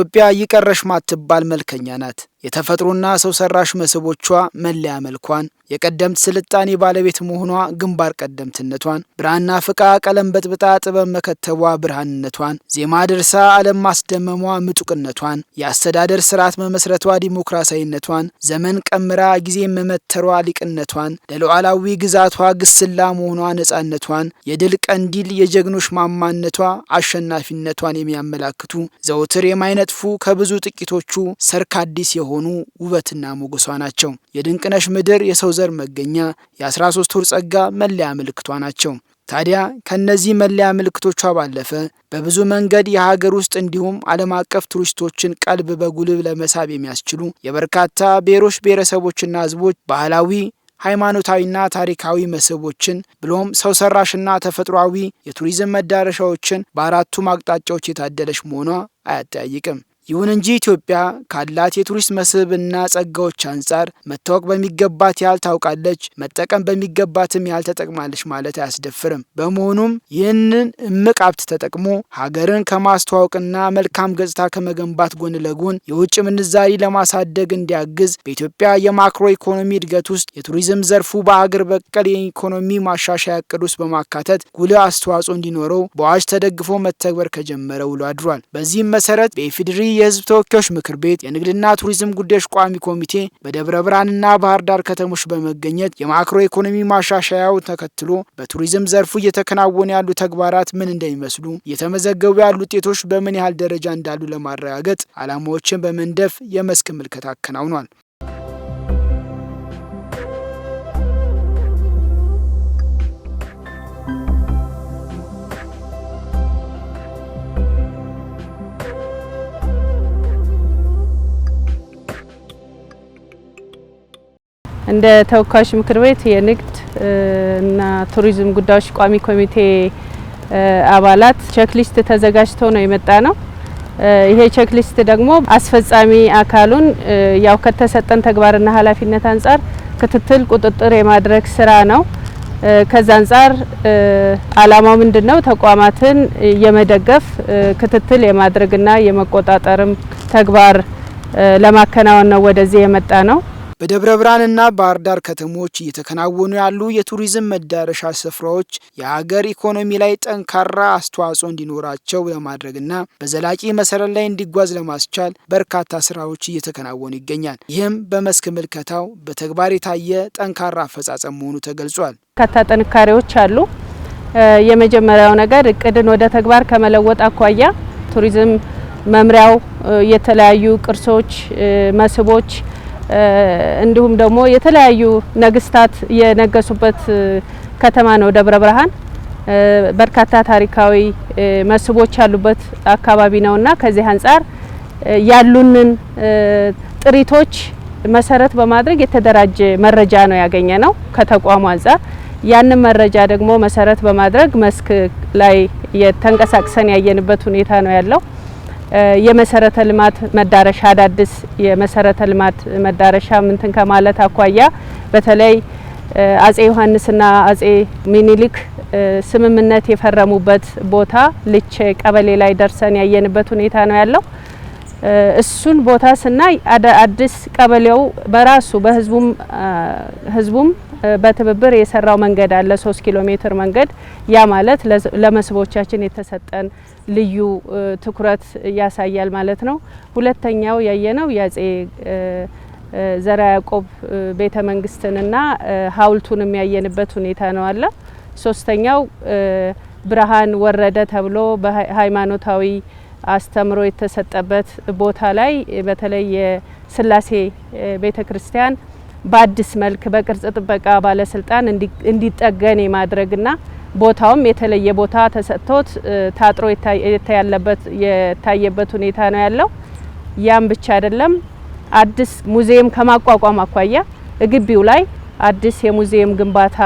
ኢትዮጵያ ይቀረሽ ማትባል መልከኛ ናት። የተፈጥሮና ሰው ሰራሽ መስህቦቿ መለያ መልኳን፣ የቀደምት ስልጣኔ ባለቤት መሆኗ ግንባር ቀደምትነቷን፣ ብርሃና ፍቃ ቀለም በጥብጣ ጥበብ መከተቧ ብርሃንነቷን፣ ዜማ ድርሳ ዓለም ማስደመሟ ምጡቅነቷን፣ የአስተዳደር ስርዓት መመስረቷ ዲሞክራሲያዊነቷን፣ ዘመን ቀምራ ጊዜ መመተሯ ሊቅነቷን፣ ለሉዓላዊ ግዛቷ ግስላ መሆኗ ነጻነቷን፣ የድል ቀንዲል የጀግኖች ማማነቷ አሸናፊነቷን የሚያመላክቱ ዘውትር የማይነጥፉ ከብዙ ጥቂቶቹ ሰርክ አዲስ የሆኑ ውበትና ሞገሷ ናቸው። የድንቅነሽ ምድር የሰው ዘር መገኛ የ13 ወር ጸጋ መለያ ምልክቷ ናቸው። ታዲያ ከእነዚህ መለያ ምልክቶቿ ባለፈ በብዙ መንገድ የሀገር ውስጥ እንዲሁም ዓለም አቀፍ ቱሪስቶችን ቀልብ በጉልብ ለመሳብ የሚያስችሉ የበርካታ ብሔሮች ብሔረሰቦችና ህዝቦች ባህላዊ ሃይማኖታዊና ታሪካዊ መስህቦችን ብሎም ሰው ሰራሽና ተፈጥሯዊ የቱሪዝም መዳረሻዎችን በአራቱም አቅጣጫዎች የታደለች መሆኗ አያጠያይቅም። ይሁን እንጂ ኢትዮጵያ ካላት የቱሪስት መስህብና ጸጋዎች አንጻር መታወቅ በሚገባት ያህል ታውቃለች፣ መጠቀም በሚገባትም ያህል ተጠቅማለች ማለት አያስደፍርም። በመሆኑም ይህንን እምቅ ሀብት ተጠቅሞ ሀገርን ከማስተዋወቅና መልካም ገጽታ ከመገንባት ጎን ለጎን የውጭ ምንዛሪ ለማሳደግ እንዲያግዝ በኢትዮጵያ የማክሮ ኢኮኖሚ እድገት ውስጥ የቱሪዝም ዘርፉ በአገር በቀል የኢኮኖሚ ማሻሻያ እቅድ ውስጥ በማካተት ጉልህ አስተዋጽኦ እንዲኖረው በአዋጅ ተደግፎ መተግበር ከጀመረ ውሎ አድሯል። በዚህም መሰረት በኢፌዴሪ የህዝብ ተወካዮች ምክር ቤት የንግድና ቱሪዝም ጉዳዮች ቋሚ ኮሚቴ በደብረ ብርሃንና ባህር ዳር ከተሞች በመገኘት የማክሮ ኢኮኖሚ ማሻሻያው ተከትሎ በቱሪዝም ዘርፉ እየተከናወኑ ያሉ ተግባራት ምን እንደሚመስሉ፣ እየተመዘገቡ ያሉ ውጤቶች በምን ያህል ደረጃ እንዳሉ ለማረጋገጥ ዓላማዎችን በመንደፍ የመስክ ምልከታ አከናውኗል። እንደ ተወካዮች ምክር ቤት የንግድ እና ቱሪዝም ጉዳዮች ቋሚ ኮሚቴ አባላት ቼክሊስት ተዘጋጅቶ ነው የመጣ ነው። ይሄ ቼክሊስት ደግሞ አስፈጻሚ አካሉን ያው ከተሰጠን ተግባርና ኃላፊነት አንጻር ክትትል፣ ቁጥጥር የማድረግ ስራ ነው። ከዛ አንጻር አላማው ምንድን ነው? ተቋማትን የመደገፍ ክትትል የማድረግና የመቆጣጠርም ተግባር ለማከናወን ነው ወደዚህ የመጣ ነው። በደብረ ብርሃንና ባህር ዳር ከተሞች እየተከናወኑ ያሉ የቱሪዝም መዳረሻ ስፍራዎች የሀገር ኢኮኖሚ ላይ ጠንካራ አስተዋጽኦ እንዲኖራቸው ለማድረግና በዘላቂ መሰረት ላይ እንዲጓዝ ለማስቻል በርካታ ስራዎች እየተከናወኑ ይገኛል። ይህም በመስክ ምልከታው በተግባር የታየ ጠንካራ አፈጻጸም መሆኑ ተገልጿል። በርካታ ጥንካሬዎች አሉ። የመጀመሪያው ነገር እቅድን ወደ ተግባር ከመለወጥ አኳያ ቱሪዝም መምሪያው የተለያዩ ቅርሶች፣ መስህቦች እንዲሁም ደግሞ የተለያዩ ነገስታት የነገሱበት ከተማ ነው ደብረ ብርሃን። በርካታ ታሪካዊ መስህቦች ያሉበት አካባቢ ነውና ከዚህ አንጻር ያሉንን ጥሪቶች መሰረት በማድረግ የተደራጀ መረጃ ነው ያገኘ ነው ከተቋሙ አንጻር። ያንን መረጃ ደግሞ መሰረት በማድረግ መስክ ላይ ተንቀሳቅሰን ያየንበት ሁኔታ ነው ያለው። የመሰረተ ልማት መዳረሻ አዳዲስ የመሰረተ ልማት መዳረሻ ምንትን ከማለት አኳያ በተለይ አጼ ዮሐንስና አጼ ሚኒሊክ ስምምነት የፈረሙበት ቦታ ልች ቀበሌ ላይ ደርሰን ያየንበት ሁኔታ ነው ያለው። እሱን ቦታ ስናይ አዲስ ቀበሌው በራሱ በህዝቡም ህዝቡም በትብብር የሰራው መንገድ አለ። ሶስት ኪሎ ሜትር መንገድ ያ ማለት ለመስህቦቻችን የተሰጠን ልዩ ትኩረት ያሳያል ማለት ነው። ሁለተኛው ያየነው የአጼ ዘርዓ ያዕቆብ ቤተ መንግስትንና ሀውልቱን የሚያየንበት ሁኔታ ነው አለ። ሶስተኛው ብርሃን ወረደ ተብሎ በሃይማኖታዊ አስተምሮ የተሰጠበት ቦታ ላይ በተለይ የስላሴ ቤተ ክርስቲያን በአዲስ መልክ በቅርጽ ጥበቃ ባለስልጣን እንዲጠገን የማድረግና ቦታውም የተለየ ቦታ ተሰጥቶት ታጥሮ የተያለበት የታየበት ሁኔታ ነው ያለው። ያም ብቻ አይደለም፣ አዲስ ሙዚየም ከማቋቋም አኳያ ግቢው ላይ አዲስ የሙዚየም ግንባታ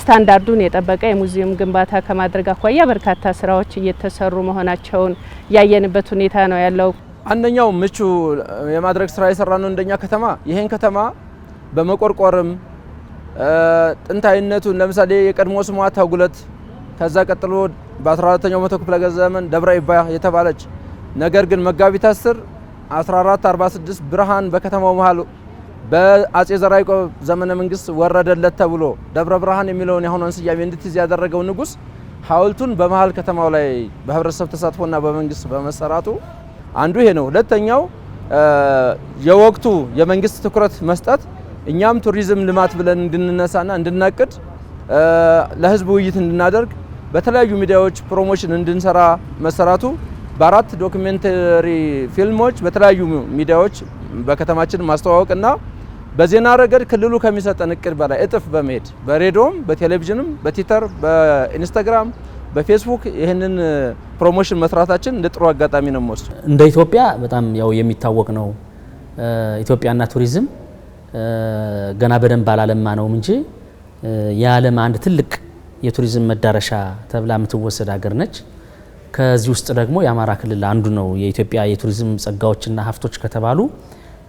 ስታንዳርዱን የጠበቀ የሙዚየም ግንባታ ከማድረግ አኳያ በርካታ ስራዎች እየተሰሩ መሆናቸውን ያየንበት ሁኔታ ነው ያለው። አንደኛው ምቹ የማድረግ ስራ የሰራ ነው እንደኛ ከተማ ይህን ከተማ በመቆርቆርም ጥንታዊነቱን ለምሳሌ የቀድሞ ስሟ ተጉለት ከዛ ቀጥሎ በ14ኛው መቶ ክፍለ ዘመን ደብረ ኢባ የተባለች ነገር ግን መጋቢት 10 1446 ብርሃን በከተማው መሃል በአጼ ዘርዓ ዘመነ መንግስት ወረደለት ተብሎ ደብረ ብርሃን የሚለውን የአሁኗን ስያሜ እንድትይዝ ያደረገው ንጉስ ሐውልቱን በመሃል ከተማው ላይ በህብረተሰብ ተሳትፎና በመንግስት በመሰራቱ አንዱ ይሄ ነው። ሁለተኛው የወቅቱ የመንግስት ትኩረት መስጠት እኛም ቱሪዝም ልማት ብለን እንድንነሳና እንድናቅድ ለህዝብ ውይይት እንድናደርግ በተለያዩ ሚዲያዎች ፕሮሞሽን እንድንሰራ መሰራቱ በአራት ዶክሜንተሪ ፊልሞች በተለያዩ ሚዲያዎች በከተማችን ማስተዋወቅና በዜና ረገድ ክልሉ ከሚሰጠን እቅድ በላይ እጥፍ በመሄድ በሬዲዮም፣ በቴሌቪዥንም፣ በትዊተር፣ በኢንስታግራም፣ በፌስቡክ ይህንን ፕሮሞሽን መስራታችን እንደ ጥሩ አጋጣሚ ነው የምወስድ። እንደ ኢትዮጵያ በጣም ያው የሚታወቅ ነው ኢትዮጵያና ቱሪዝም ገና በደንብ አላለማ ነውም እንጂ የዓለም አንድ ትልቅ የቱሪዝም መዳረሻ ተብላ የምትወሰድ ሀገር ነች። ከዚህ ውስጥ ደግሞ የአማራ ክልል አንዱ ነው። የኢትዮጵያ የቱሪዝም ጸጋዎችና ሀብቶች ከተባሉ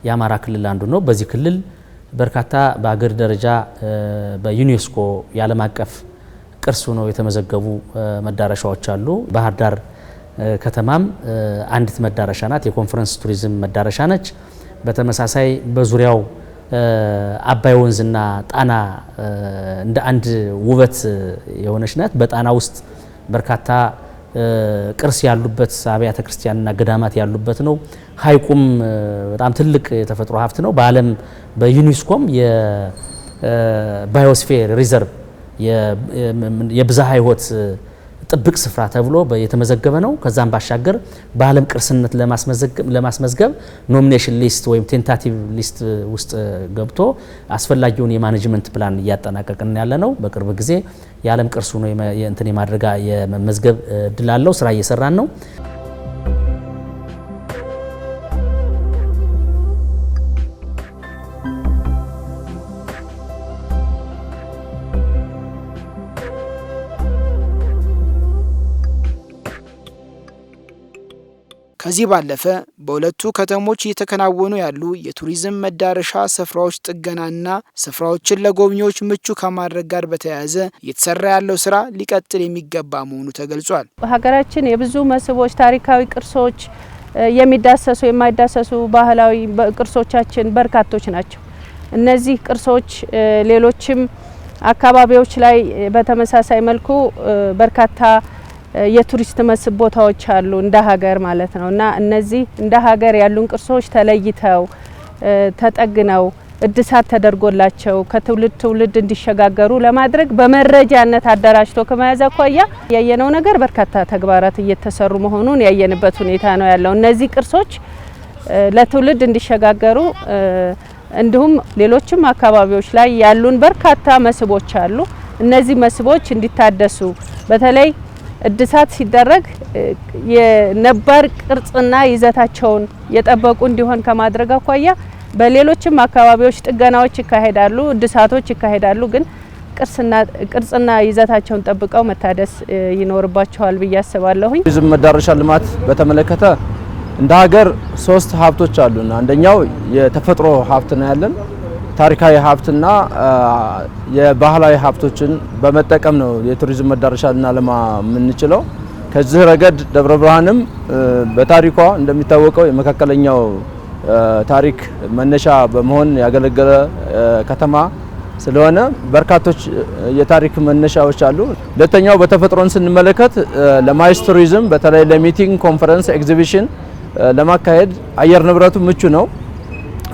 የአማራ ክልል አንዱ ነው። በዚህ ክልል በርካታ በአገር ደረጃ በዩኔስኮ የዓለም አቀፍ ቅርስ ሆነው የተመዘገቡ መዳረሻዎች አሉ። ባህር ዳር ከተማም አንዲት መዳረሻ ናት። የኮንፈረንስ ቱሪዝም መዳረሻ ነች። በተመሳሳይ በዙሪያው አባይ ወንዝና ጣና እንደ አንድ ውበት የሆነች ናት። በጣና ውስጥ በርካታ ቅርስ ያሉበት አብያተ ክርስቲያንና ገዳማት ያሉበት ነው። ሀይቁም በጣም ትልቅ የተፈጥሮ ሀብት ነው። በዓለም በዩኒስኮም የባዮስፌር ሪዘርቭ የብዝሃ ህይወት ጥብቅ ስፍራ ተብሎ የተመዘገበ ነው። ከዛም ባሻገር በዓለም ቅርስነት ለማስመዝገብ ኖሚኔሽን ሊስት ወይም ቴንታቲቭ ሊስት ውስጥ ገብቶ አስፈላጊውን የማኔጅመንት ፕላን እያጠናቀቅን ያለ ነው። በቅርብ ጊዜ የዓለም ቅርሱ ነው እንትን የማድረጋ የመመዝገብ እድል አለው። ስራ እየሰራን ነው። ከዚህ ባለፈ በሁለቱ ከተሞች እየተከናወኑ ያሉ የቱሪዝም መዳረሻ ስፍራዎች ጥገናና ስፍራዎችን ለጎብኚዎች ምቹ ከማድረግ ጋር በተያያዘ እየተሰራ ያለው ስራ ሊቀጥል የሚገባ መሆኑ ተገልጿል። በሀገራችን የብዙ መስህቦች፣ ታሪካዊ ቅርሶች የሚዳሰሱ የማይዳሰሱ ባህላዊ ቅርሶቻችን በርካቶች ናቸው። እነዚህ ቅርሶች ሌሎችም አካባቢዎች ላይ በተመሳሳይ መልኩ በርካታ የቱሪስት መስህብ ቦታዎች አሉ እንደ ሀገር ማለት ነው እና እነዚህ እንደ ሀገር ያሉን ቅርሶች ተለይተው ተጠግነው እድሳት ተደርጎላቸው ከትውልድ ትውልድ እንዲሸጋገሩ ለማድረግ በመረጃነት አደራጅቶ ከመያዝ አኳያ ያየነው ነገር በርካታ ተግባራት እየተሰሩ መሆኑን ያየንበት ሁኔታ ነው ያለው። እነዚህ ቅርሶች ለትውልድ እንዲሸጋገሩ እንዲሁም ሌሎችም አካባቢዎች ላይ ያሉን በርካታ መስህቦች አሉ። እነዚህ መስህቦች እንዲታደሱ በተለይ እድሳት ሲደረግ የነባር ቅርጽና ይዘታቸውን የጠበቁ እንዲሆን ከማድረግ አኳያ በሌሎችም አካባቢዎች ጥገናዎች ይካሄዳሉ፣ እድሳቶች ይካሄዳሉ። ግን ቅርጽና ይዘታቸውን ጠብቀው መታደስ ይኖርባቸዋል ብዬ አስባለሁኝ። ቱሪዝም መዳረሻ ልማት በተመለከተ እንደ ሀገር ሶስት ሀብቶች አሉና አንደኛው የተፈጥሮ ሀብት ነው ያለን ታሪካዊ ሀብትና የባህላዊ ሀብቶችን በመጠቀም ነው የቱሪዝም መዳረሻ ልናለማ የምንችለው። ከዚህ ረገድ ደብረ ብርሃንም በታሪኳ እንደሚታወቀው የመካከለኛው ታሪክ መነሻ በመሆን ያገለገለ ከተማ ስለሆነ በርካቶች የታሪክ መነሻዎች አሉ። ሁለተኛው በተፈጥሮን ስንመለከት ለማይስ ቱሪዝም በተለይ ለሚቲንግ፣ ኮንፈረንስ፣ ኤግዚቢሽን ለማካሄድ አየር ንብረቱ ምቹ ነው።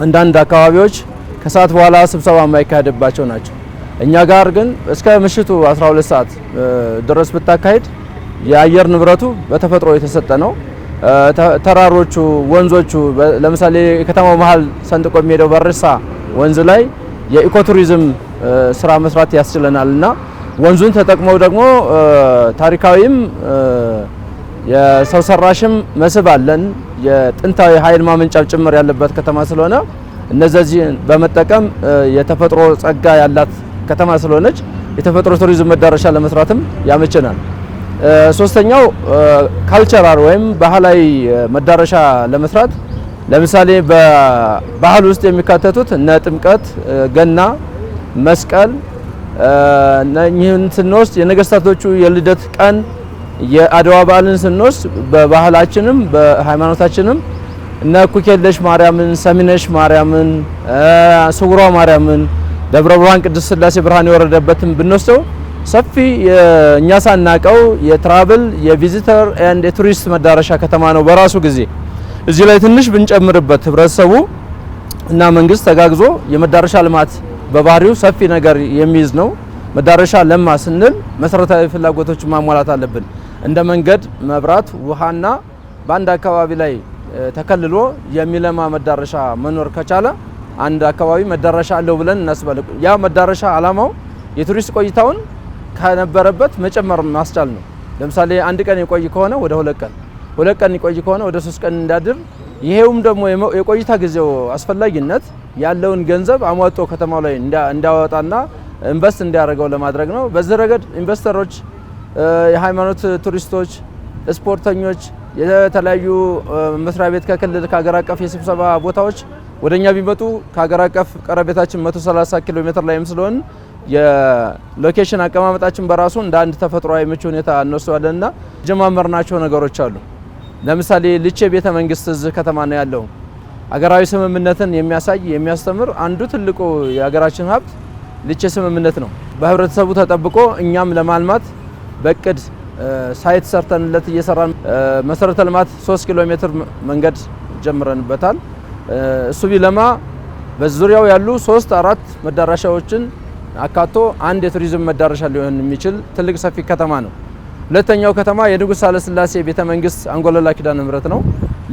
አንዳንድ አካባቢዎች ከሰዓት በኋላ ስብሰባ የማይካሄድባቸው ናቸው። እኛ ጋር ግን እስከ ምሽቱ 12 ሰዓት ድረስ ብታካሄድ የአየር ንብረቱ በተፈጥሮ የተሰጠ ነው። ተራሮቹ፣ ወንዞቹ ለምሳሌ የከተማው መሀል ሰንጥቆ የሚሄደው በርሳ ወንዝ ላይ የኢኮቱሪዝም ስራ መስራት ያስችለናል እና ወንዙን ተጠቅመው ደግሞ ታሪካዊም የሰው ሰራሽም መስህብ አለን። የጥንታዊ ኃይል ማመንጫ ጭምር ያለበት ከተማ ስለሆነ እነዚህን በመጠቀም የተፈጥሮ ጸጋ ያላት ከተማ ስለሆነች የተፈጥሮ ቱሪዝም መዳረሻ ለመስራትም ያመቸናል። ሶስተኛው ካልቸራል ወይም ባህላዊ መዳረሻ ለመስራት ለምሳሌ በባህል ውስጥ የሚካተቱት እነ ጥምቀት፣ ገና፣ መስቀል እነኚህን ስንወስድ የነገስታቶቹ የልደት ቀን የአድዋ በዓልን ስንወስድ በባህላችንም በሃይማኖታችንም እነ ኩኬለሽ ማርያምን፣ ሰሚነሽ ማርያምን፣ ስውሯ ማርያምን፣ ደብረ ብርሃን ቅድስት ስላሴ ብርሃን የወረደበትን ብንወስደው ሰፊ እኛ ሳናቀው የትራቭል የቪዚተር ኤንድ የቱሪስት መዳረሻ ከተማ ነው በራሱ ጊዜ። እዚህ ላይ ትንሽ ብንጨምርበት ህብረተሰቡ እና መንግስት ተጋግዞ የመዳረሻ ልማት በባህሪው ሰፊ ነገር የሚይዝ ነው። መዳረሻ ለማ ስንል መሰረታዊ ፍላጎቶችን ማሟላት አለብን፣ እንደ መንገድ፣ መብራት፣ ውሃና በአንድ አካባቢ ላይ ተከልሎ የሚለማ መዳረሻ መኖር ከቻለ አንድ አካባቢ መዳረሻ አለው ብለን እናስባል። ያ መዳረሻ አላማው የቱሪስት ቆይታውን ከነበረበት መጨመር ማስቻል ነው። ለምሳሌ አንድ ቀን የቆይ ከሆነ ወደ ሁለት ቀን፣ ሁለት ቀን የቆይ ከሆነ ወደ ሶስት ቀን እንዳድር። ይሄውም ደግሞ የቆይታ ጊዜው አስፈላጊነት ያለውን ገንዘብ አሟጦ ከተማው ላይ እንዳወጣና ኢንቨስት እንዲያደርገው ለማድረግ ነው። በዚህ ረገድ ኢንቨስተሮች፣ የሃይማኖት ቱሪስቶች፣ ስፖርተኞች የተለያዩ መስሪያ ቤት ከክልል ከሀገር አቀፍ የስብሰባ ቦታዎች ወደ እኛ ቢመጡ ከሀገር አቀፍ ቀረቤታችን 130 ኪሎ ሜትር ላይም ስለሆን የሎኬሽን አቀማመጣችን በራሱ እንደ አንድ ተፈጥሯዊ ምቹ ሁኔታ ጀማመር ናቸው ነገሮች አሉ። ለምሳሌ ልቼ ቤተ መንግስት እዚህ ከተማ ነው ያለው። አገራዊ ስምምነትን የሚያሳይ የሚያስተምር አንዱ ትልቁ የሀገራችን ሀብት ልቼ ስምምነት ነው። በህብረተሰቡ ተጠብቆ እኛም ለማልማት በቅድ ሳይት ሰርተንለት እየሰራን መሰረተ ልማት 3 ኪሎ ሜትር መንገድ ጀምረንበታል። እሱ ቢለማ በዙሪያው ያሉ ሶስት አራት መዳረሻዎችን አካቶ አንድ የቱሪዝም መዳረሻ ሊሆን የሚችል ትልቅ ሰፊ ከተማ ነው። ሁለተኛው ከተማ የንጉሥ ሳለስላሴ ቤተ መንግስት አንጎለላ ኪዳነ ምሕረት ነው።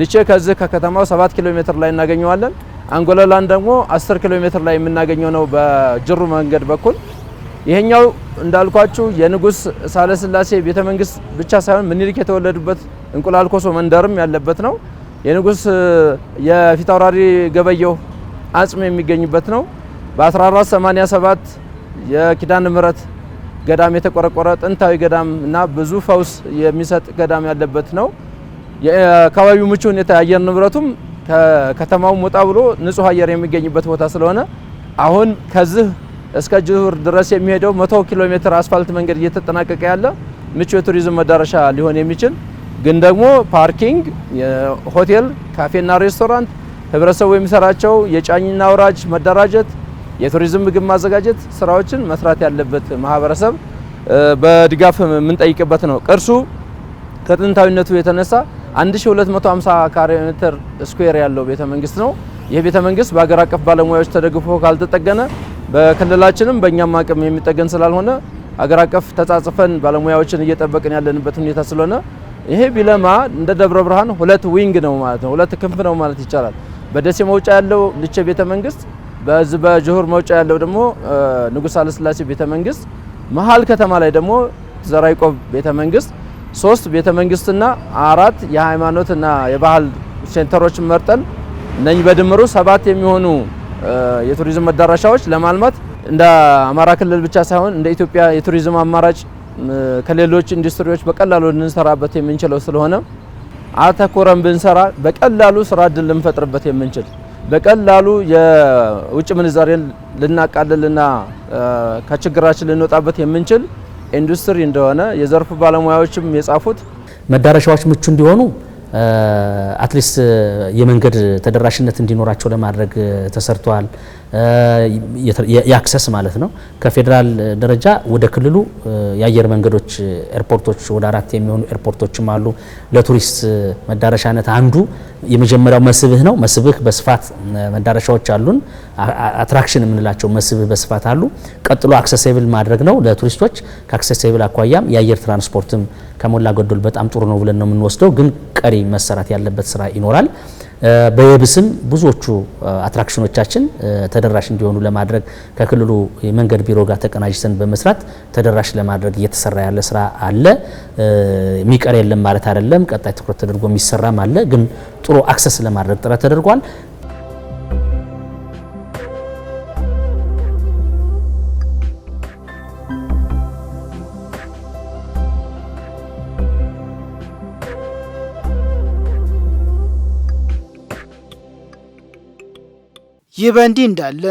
ልቼ ከዚህ ከከተማው 7 ኪሎ ሜትር ላይ እናገኘዋለን። አንጎለላን ደግሞ 10 ኪሎ ሜትር ላይ የምናገኘው ነው በጅሩ መንገድ በኩል ይሄኛው እንዳልኳችሁ የንጉስ ሳለስላሴ ቤተ መንግስት ብቻ ሳይሆን ምኒልክ የተወለዱበት እንቁላል ኮሶ መንደርም ያለበት ነው። የንጉስ የፊታውራሪ ገበየሁ አጽም የሚገኝበት ነው። በ1487 የኪዳን ምረት ገዳም የተቆረቆረ ጥንታዊ ገዳም እና ብዙ ፈውስ የሚሰጥ ገዳም ያለበት ነው። የአካባቢው ምቹ ሁኔታ ንብረቱም ከከተማው ሞጣ ብሎ ንጹህ አየር የሚገኝበት ቦታ ስለሆነ አሁን ከዚህ እስከ ጅሁር ድረስ የሚሄደው 100 ኪሎ ሜትር አስፋልት መንገድ እየተጠናቀቀ ያለ ምቹ የቱሪዝም መዳረሻ ሊሆን የሚችል ግን ደግሞ ፓርኪንግ፣ ሆቴል፣ ካፌና ሬስቶራንት፣ ህብረተሰቡ የሚሰራቸው የጫኝና አውራጅ መደራጀት፣ የቱሪዝም ምግብ ማዘጋጀት ስራዎችን መስራት ያለበት ማህበረሰብ በድጋፍ የምንጠይቅበት ነው። ቅርሱ ከጥንታዊነቱ የተነሳ 1250 ካሬ ሜትር ስኩዌር ያለው ቤተ መንግስት ነው። ይህ ቤተ መንግስት በሀገር አቀፍ ባለሙያዎች ተደግፎ ካልተጠገነ በክልላችንም በእኛም አቅም የሚጠገን ስላልሆነ አገር አቀፍ ተጻጽፈን ባለሙያዎችን እየጠበቅን ያለንበት ሁኔታ ስለሆነ ይሄ ቢለማ እንደ ደብረ ብርሃን ሁለት ዊንግ ነው ማለት ነው፣ ሁለት ክንፍ ነው ማለት ይቻላል። በደሴ መውጫ ያለው ልቼ ቤተ መንግስት፣ በዚ በጆሁር መውጫ ያለው ደግሞ ንጉሥ አለስላሴ ቤተ መንግስት፣ መሀል ከተማ ላይ ደግሞ ዘራይቆብ ቤተ መንግስት ሶስት ቤተ መንግስትና አራት የሃይማኖትና የባህል ሴንተሮችን መርጠን ነኝ በድምሩ ሰባት የሚሆኑ የቱሪዝም መዳረሻዎች ለማልማት እንደ አማራ ክልል ብቻ ሳይሆን እንደ ኢትዮጵያ የቱሪዝም አማራጭ ከሌሎች ኢንዱስትሪዎች በቀላሉ ልንሰራበት የምንችለው ስለሆነ አተኮረን ብንሰራ በቀላሉ ስራ እድል ልንፈጥርበት የምንችል በቀላሉ የውጭ ምንዛሬን ልናቃልልና ከችግራችን ልንወጣበት የምንችል ኢንዱስትሪ እንደሆነ የዘርፉ ባለሙያዎችም የጻፉት መዳረሻዎች ምቹ እንዲሆኑ አትሊስት የመንገድ ተደራሽነት እንዲኖራቸው ለማድረግ ተሰርቷል። የአክሰስ ማለት ነው። ከፌዴራል ደረጃ ወደ ክልሉ የአየር መንገዶች ኤርፖርቶች፣ ወደ አራት የሚሆኑ ኤርፖርቶችም አሉ። ለቱሪስት መዳረሻነት አንዱ የመጀመሪያው መስብህ ነው። መስብህ በስፋት መዳረሻዎች አሉን። አትራክሽን የምንላቸው መስብህ በስፋት አሉ። ቀጥሎ አክሰሴብል ማድረግ ነው ለቱሪስቶች። ከአክሰሴብል አኳያም የአየር ትራንስፖርትም ከሞላ ጎደል በጣም ጥሩ ነው ብለን ነው የምንወስደው። ግን ቀሪ መሰራት ያለበት ስራ ይኖራል። በየብስም ብዙዎቹ አትራክሽኖቻችን ተደራሽ እንዲሆኑ ለማድረግ ከክልሉ የመንገድ ቢሮ ጋር ተቀናጅተን በመስራት ተደራሽ ለማድረግ እየተሰራ ያለ ስራ አለ። የሚቀር የለም ማለት አይደለም። ቀጣይ ትኩረት ተደርጎ የሚሰራም አለ። ግን ጥሩ አክሰስ ለማድረግ ጥረት ተደርጓል። ይህ በእንዲህ እንዳለ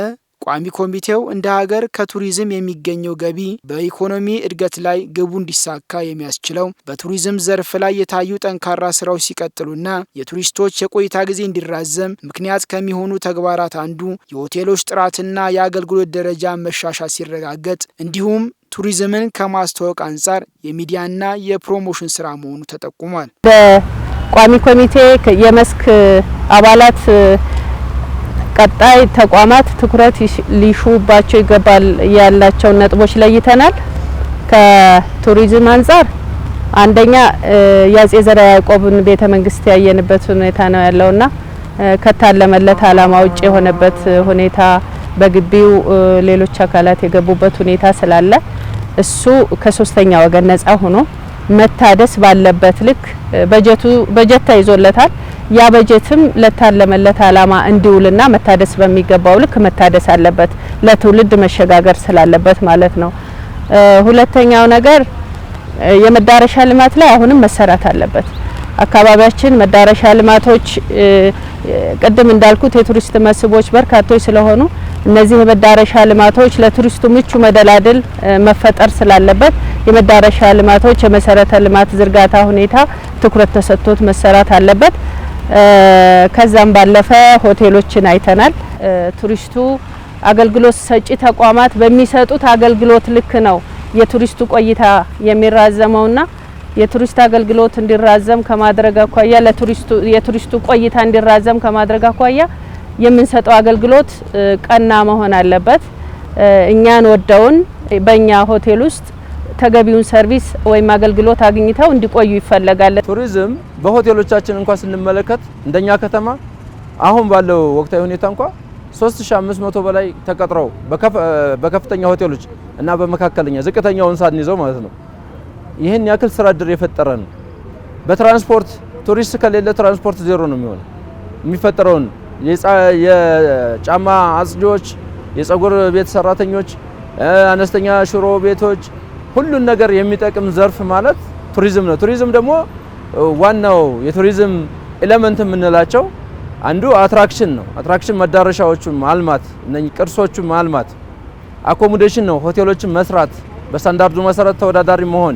ቋሚ ኮሚቴው እንደ ሀገር ከቱሪዝም የሚገኘው ገቢ በኢኮኖሚ እድገት ላይ ግቡ እንዲሳካ የሚያስችለው በቱሪዝም ዘርፍ ላይ የታዩ ጠንካራ ስራዎች ሲቀጥሉና የቱሪስቶች የቆይታ ጊዜ እንዲራዘም ምክንያት ከሚሆኑ ተግባራት አንዱ የሆቴሎች ጥራትና የአገልግሎት ደረጃ መሻሻል ሲረጋገጥ እንዲሁም ቱሪዝምን ከማስተዋወቅ አንጻር የሚዲያና የፕሮሞሽን ስራ መሆኑ ተጠቁሟል። በቋሚ ኮሚቴ የመስክ አባላት ቀጣይ ተቋማት ትኩረት ሊሹባቸው ይገባል ያላቸውን ነጥቦች ለይተናል። ከቱሪዝም አንጻር አንደኛ የአጼ ዘርዓ ያዕቆብን ቤተ መንግስት ያየንበት ሁኔታ ነው ያለውና ከታለመለት አላማ ውጭ የሆነበት ሁኔታ በግቢው ሌሎች አካላት የገቡበት ሁኔታ ስላለ እሱ ከሶስተኛ ወገን ነጻ ሆኖ መታደስ ባለበት ልክ በጀቱ በጀት ተይዞለታል። ያ በጀትም ለታለመለት አላማ እንዲውልና መታደስ በሚገባው ልክ መታደስ አለበት፣ ለትውልድ መሸጋገር ስላለበት ማለት ነው። ሁለተኛው ነገር የመዳረሻ ልማት ላይ አሁንም መሰራት አለበት። አካባቢያችን መዳረሻ ልማቶች ቅድም እንዳልኩት የቱሪስት መስህቦች በርካቶች ስለሆኑ እነዚህ የመዳረሻ ልማቶች ለቱሪስቱ ምቹ መደላድል መፈጠር ስላለበት የመዳረሻ ልማቶች የመሰረተ ልማት ዝርጋታ ሁኔታ ትኩረት ተሰጥቶት መሰራት አለበት። ከዛም ባለፈ ሆቴሎችን አይተናል። ቱሪስቱ አገልግሎት ሰጪ ተቋማት በሚሰጡት አገልግሎት ልክ ነው የቱሪስቱ ቆይታ የሚራዘመውና የቱሪስት አገልግሎት እንዲራዘም ከማድረግ አኳያ ለቱሪስቱ የቱሪስቱ ቆይታ እንዲራዘም ከማድረግ አኳያ የምንሰጠው አገልግሎት ቀና መሆን አለበት። እኛን ወደውን በእኛ ሆቴል ውስጥ ተገቢውን ሰርቪስ ወይም አገልግሎት አግኝተው እንዲቆዩ ይፈለጋል። ቱሪዝም በሆቴሎቻችን እንኳ ስንመለከት እንደኛ ከተማ አሁን ባለው ወቅታዊ ሁኔታ እንኳ 3500 በላይ ተቀጥረው በከፍተኛ ሆቴሎች እና በመካከለኛ ዝቅተኛውን ሳንይዘው ማለት ነው። ይህን ያክል ስራ ድር የፈጠረ ነው። በትራንስፖርት ቱሪስት ከሌለ ትራንስፖርት ዜሮ ነው የሚሆነው። የሚፈጠረውን የጫማ አጽጆች፣ የፀጉር ቤት ሰራተኞች፣ አነስተኛ ሽሮ ቤቶች ሁሉን ነገር የሚጠቅም ዘርፍ ማለት ቱሪዝም ነው። ቱሪዝም ደግሞ ዋናው የቱሪዝም ኤሌመንት የምንላቸው አንዱ አትራክሽን ነው። አትራክሽን መዳረሻዎቹን ማልማት፣ እነኚህ ቅርሶቹን ማልማት፣ አኮሞዴሽን ነው ሆቴሎችን መስራት፣ በስታንዳርዱ መሰረት ተወዳዳሪ መሆን።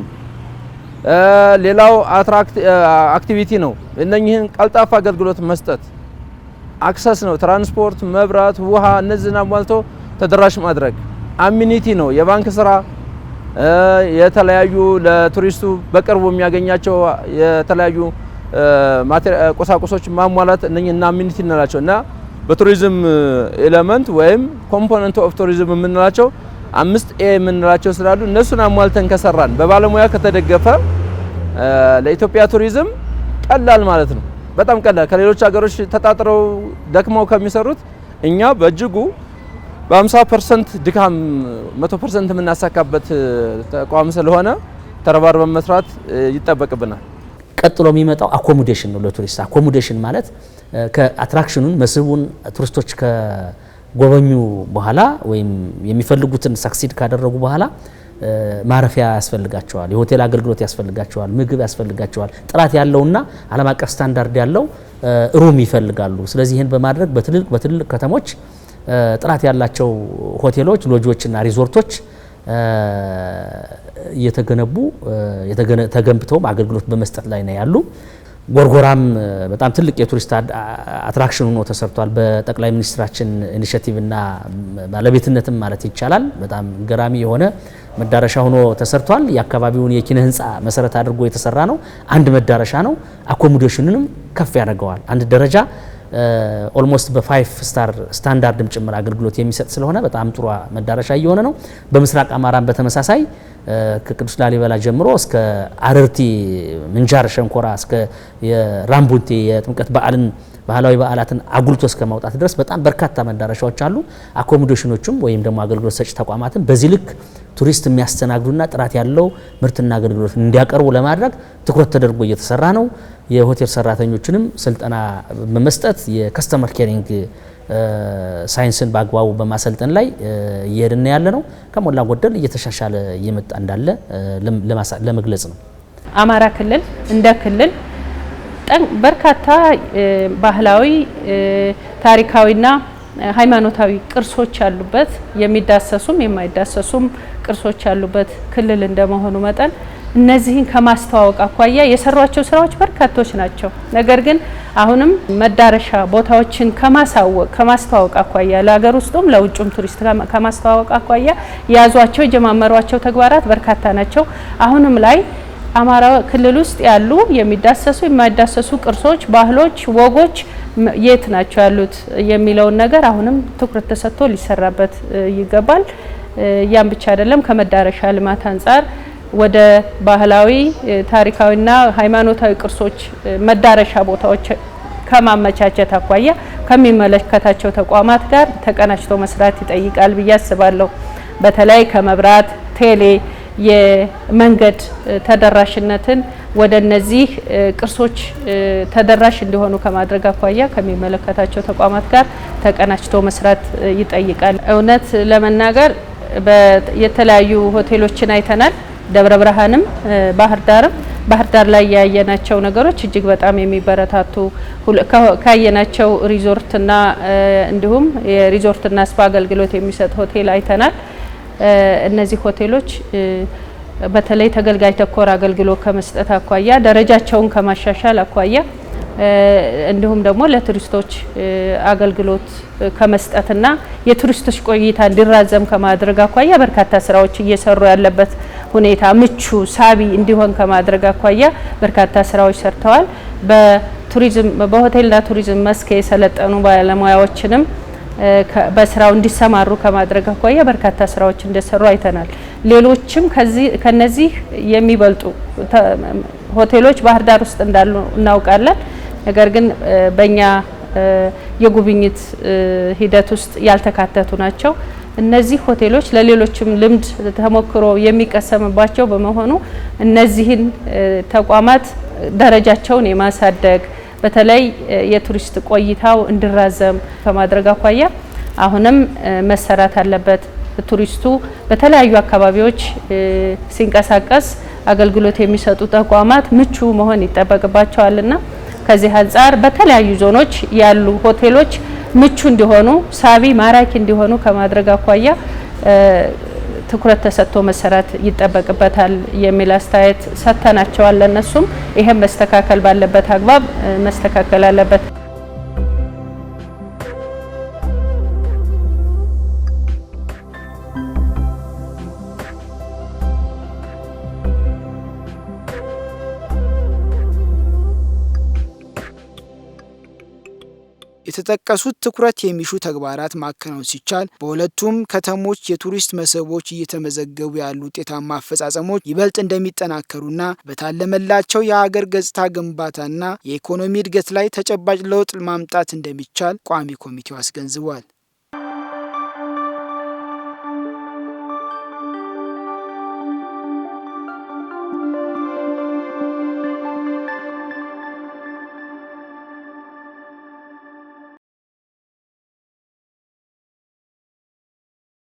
ሌላው አክቲቪቲ ነው። እነኚህን ቀልጣፋ አገልግሎት መስጠት፣ አክሰስ ነው ትራንስፖርት፣ መብራት፣ ውሃ፣ እነዚህን አሟልቶ ተደራሽ ማድረግ። አሚኒቲ ነው የባንክ ስራ የተለያዩ ለቱሪስቱ በቅርቡ የሚያገኛቸው የተለያዩ ቁሳቁሶች ማሟላት እነ እና ሚኒቲ እንላቸው እና በቱሪዝም ኤለመንት ወይም ኮምፖነንት ኦፍ ቱሪዝም የምንላቸው አምስት ኤ የምንላቸው ስላሉ እነሱን አሟልተን ከሰራን በባለሙያ ከተደገፈ ለኢትዮጵያ ቱሪዝም ቀላል ማለት ነው። በጣም ቀላል ከሌሎች ሀገሮች ተጣጥረው ደክመው ከሚሰሩት እኛ በእጅጉ በ50 ፐርሰንት ድካም 100 ፐርሰንት የምናሳካበት ተቋም ስለሆነ ተረባርበን መስራት ይጠበቅብናል። ቀጥሎ የሚመጣው አኮሞዴሽን ነው። ለቱሪስት አኮሞዴሽን ማለት ከአትራክሽኑን መስህቡን ቱሪስቶች ከጎበኙ በኋላ ወይም የሚፈልጉትን ሳክሲድ ካደረጉ በኋላ ማረፊያ ያስፈልጋቸዋል፣ የሆቴል አገልግሎት ያስፈልጋቸዋል፣ ምግብ ያስፈልጋቸዋል። ጥራት ያለውና ዓለም አቀፍ ስታንዳርድ ያለው ሩም ይፈልጋሉ። ስለዚህ ይህን በማድረግ በትልልቅ በትልልቅ ከተሞች ጥራት ያላቸው ሆቴሎች፣ ሎጆችና ሪዞርቶች እየተገነቡ ተገንብተውም አገልግሎት በመስጠት ላይ ነው ያሉ። ጎርጎራም በጣም ትልቅ የቱሪስት አትራክሽን ሆኖ ተሰርቷል። በጠቅላይ ሚኒስትራችን ኢኒሽቲቭና ባለቤትነትም ማለት ይቻላል በጣም ገራሚ የሆነ መዳረሻ ሆኖ ተሰርቷል። የአካባቢውን የኪነ ህንፃ መሰረት አድርጎ የተሰራ ነው። አንድ መዳረሻ ነው። አኮሞዴሽንንም ከፍ ያደርገዋል አንድ ደረጃ ኦልሞስት በፋይፍ ስታር ስታንዳርድም ጭምር አገልግሎት የሚሰጥ ስለሆነ በጣም ጥሩ መዳረሻ እየሆነ ነው። በምስራቅ አማራም በተመሳሳይ ከቅዱስ ላሊበላ ጀምሮ እስከ አረርቲ ምንጃር ሸንኮራ እስከ የራምቡንቴ የጥምቀት በዓልን ባህላዊ በዓላትን አጉልቶ እስከ ማውጣት ድረስ በጣም በርካታ መዳረሻዎች አሉ። አኮሞዴሽኖቹም ወይም ደግሞ አገልግሎት ሰጪ ተቋማትን በዚህ ልክ ቱሪስት የሚያስተናግዱና ጥራት ያለው ምርትና አገልግሎት እንዲያቀርቡ ለማድረግ ትኩረት ተደርጎ እየተሰራ ነው። የሆቴል ሰራተኞችንም ስልጠና በመስጠት የከስተመር ኬሪንግ ሳይንስን በአግባቡ በማሰልጠን ላይ እየሄድን ያለ ነው። ከሞላ ጎደል እየተሻሻለ እየመጣ እንዳለ ለመግለጽ ነው። አማራ ክልል እንደ ክልል በርካታ ባህላዊ ታሪካዊና ሃይማኖታዊ ቅርሶች ያሉበት የሚዳሰሱም የማይዳሰሱም ቅርሶች ያሉበት ክልል እንደመሆኑ መጠን እነዚህን ከማስተዋወቅ አኳያ የሰሯቸው ስራዎች በርካቶች ናቸው። ነገር ግን አሁንም መዳረሻ ቦታዎችን ከማሳወቅ ከማስተዋወቅ አኳያ ለሀገር ውስጡም ለውጭም ቱሪስት ከማስተዋወቅ አኳያ የያዟቸው የጀማመሯቸው ተግባራት በርካታ ናቸው። አሁንም ላይ አማራ ክልል ውስጥ ያሉ የሚዳሰሱ የማይዳሰሱ ቅርሶች፣ ባህሎች፣ ወጎች የት ናቸው ያሉት የሚለውን ነገር አሁንም ትኩረት ተሰጥቶ ሊሰራበት ይገባል። ያም ብቻ አይደለም ከመዳረሻ ልማት አንጻር ወደ ባህላዊ ታሪካዊና ሃይማኖታዊ ቅርሶች መዳረሻ ቦታዎች ከማመቻቸት አኳያ ከሚመለከታቸው ተቋማት ጋር ተቀናጅቶ መስራት ይጠይቃል ብዬ አስባለሁ። በተለይ ከመብራት፣ ቴሌ፣ የመንገድ ተደራሽነትን ወደ እነዚህ ቅርሶች ተደራሽ እንዲሆኑ ከማድረግ አኳያ ከሚመለከታቸው ተቋማት ጋር ተቀናጅቶ መስራት ይጠይቃል። እውነት ለመናገር የተለያዩ ሆቴሎችን አይተናል። ደብረ ብርሃንም ባህር ዳርም ባህር ዳር ላይ ያየናቸው ነገሮች እጅግ በጣም የሚበረታቱ ካየናቸው ሪዞርትና እንዲሁም የሪዞርትና ስፓ አገልግሎት የሚሰጥ ሆቴል አይተናል። እነዚህ ሆቴሎች በተለይ ተገልጋይ ተኮር አገልግሎት ከመስጠት አኳያ ደረጃቸውን ከማሻሻል አኳያ እንዲሁም ደግሞ ለቱሪስቶች አገልግሎት ከመስጠትና የቱሪስቶች ቆይታ እንዲራዘም ከማድረግ አኳያ በርካታ ስራዎች እየሰሩ ያለበት ሁኔታ ምቹ ሳቢ እንዲሆን ከማድረግ አኳያ በርካታ ስራዎች ሰርተዋል። በቱሪዝም በሆቴልና ቱሪዝም መስክ የሰለጠኑ ባለሙያዎችንም በስራው እንዲሰማሩ ከማድረግ አኳያ በርካታ ስራዎች እንደሰሩ አይተናል። ሌሎችም ከነዚህ የሚበልጡ ሆቴሎች ባህር ዳር ውስጥ እንዳሉ እናውቃለን። ነገር ግን በእኛ የጉብኝት ሂደት ውስጥ ያልተካተቱ ናቸው። እነዚህ ሆቴሎች ለሌሎችም ልምድ ተሞክሮ የሚቀሰምባቸው በመሆኑ እነዚህን ተቋማት ደረጃቸውን የማሳደግ በተለይ የቱሪስት ቆይታው እንዲራዘም ከማድረግ አኳያ አሁንም መሰራት አለበት። ቱሪስቱ በተለያዩ አካባቢዎች ሲንቀሳቀስ አገልግሎት የሚሰጡ ተቋማት ምቹ መሆን ይጠበቅባቸዋልና ከዚህ አንጻር በተለያዩ ዞኖች ያሉ ሆቴሎች ምቹ እንዲሆኑ፣ ሳቢ ማራኪ እንዲሆኑ ከማድረግ አኳያ ትኩረት ተሰጥቶ መሰራት ይጠበቅበታል የሚል አስተያየት ሰጥተናቸዋል። ለእነሱም ይህም መስተካከል ባለበት አግባብ መስተካከል አለበት። የተጠቀሱት ትኩረት የሚሹ ተግባራት ማከናወን ሲቻል በሁለቱም ከተሞች የቱሪስት መስህቦች እየተመዘገቡ ያሉ ውጤታማ አፈጻጸሞች ይበልጥ እንደሚጠናከሩና በታለመላቸው የሀገር ገጽታ ግንባታና የኢኮኖሚ እድገት ላይ ተጨባጭ ለውጥ ማምጣት እንደሚቻል ቋሚ ኮሚቴው አስገንዝቧል።